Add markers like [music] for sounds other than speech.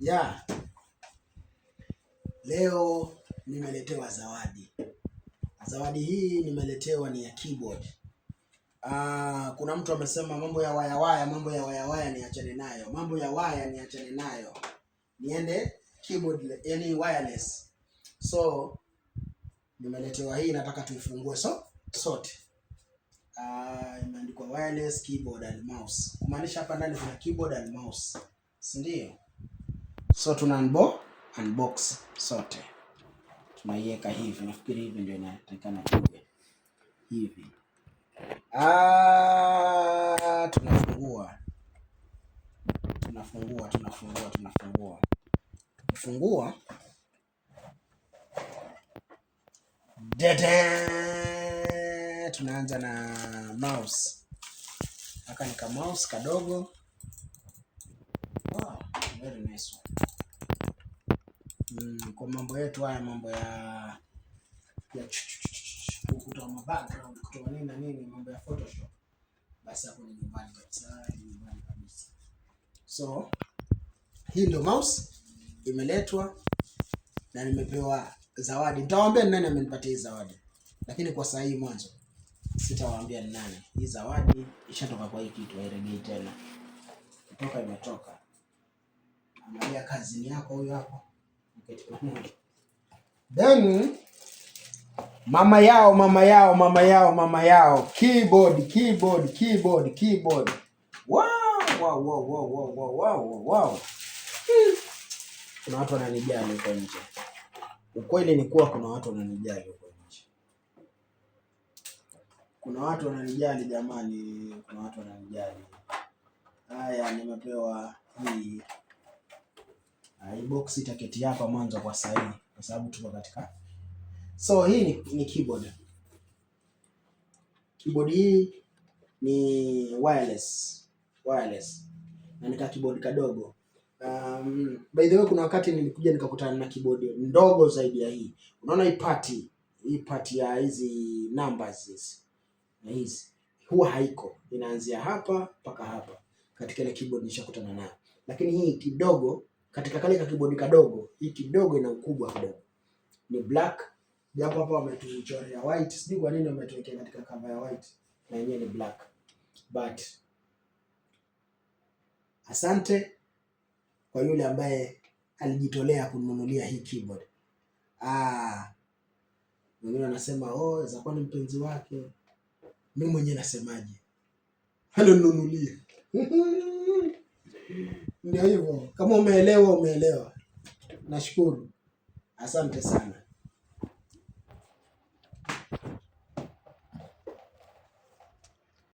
Ya leo nimeletewa zawadi. Zawadi hii nimeletewa ni ya keyboard. Aa, ah, kuna mtu amesema mambo ya wayawaya, mambo ya wayawaya niachane nayo, mambo ya waya niachane nayo, niende keyboard, yani wireless. So nimeletewa hii, nataka tuifungue so sote. Ah, imeandikwa wireless keyboard and mouse, kumaanisha hapa ndani kuna keyboard and mouse, si ndio? So tuna unbo, unbox sote, tunaiweka hivi. Nafikiri hivi ndio inatakikana kuja hivi. Ah, tunafungua tunafungua tunafungua tunafungua, tukifungua dede, tunaanza na mouse. Aka nika mouse kadogo. Wow, very nice one. Mm, kwa mambo yetu haya mambo ya ya kutoa ma background kutoa nini na nini mambo ya Photoshop, basi hapo ni nyumbani kabisa, ni nyumbani kabisa. So hii ndio mouse imeletwa na nimepewa zawadi. Nitawaambia nani amenipatia hii zawadi, lakini kwa sahihi mwanzo sitawaambia ni nani. Hii zawadi ishatoka kwa hii kitu, hairegei tena, kutoka imetoka. Angalia kazini yako, huyo hapo Then mama yao mama yao mama yao mama yao keyboard keyboard keyboard keyboard. Wow wow wow wow wow wow wow. Hmm. Kuna watu wananijali huko nje. Ukweli ni kuwa kuna watu wananijali huko nje. Kuna watu wananijali jamani, kuna watu wananijali. Haya, nimepewa hii box ticket yako mwanzo kwa sahihi, kwa sababu tuko katika so hii ni, ni keyboard. Keyboard hii ni wireless wireless na nika keyboard kadogo. Um, by the way kuna wakati nilikuja nikakutana na keyboard ndogo zaidi ya hii. Unaona hii pati hii pati ya hizi numbers hizi na hizi huwa haiko, inaanzia hapa mpaka hapa katika ile keyboard nishakutana nayo, lakini hii kidogo katika kale ka kibodi kadogo, hii kidogo ina ukubwa kidogo, ni black japo hapa wametuchorea white, sijui kwa nini wametuwekea katika cover ya white na yenyewe ni black but asante kwa yule ambaye alijitolea kununulia hii keyboard. Ah, mwingine anasema oh, za kwani mpenzi wake. Mimi mwenyewe nasemaje, halo [laughs] Ndio hivyo, kama umeelewa umeelewa. Nashukuru, asante sana.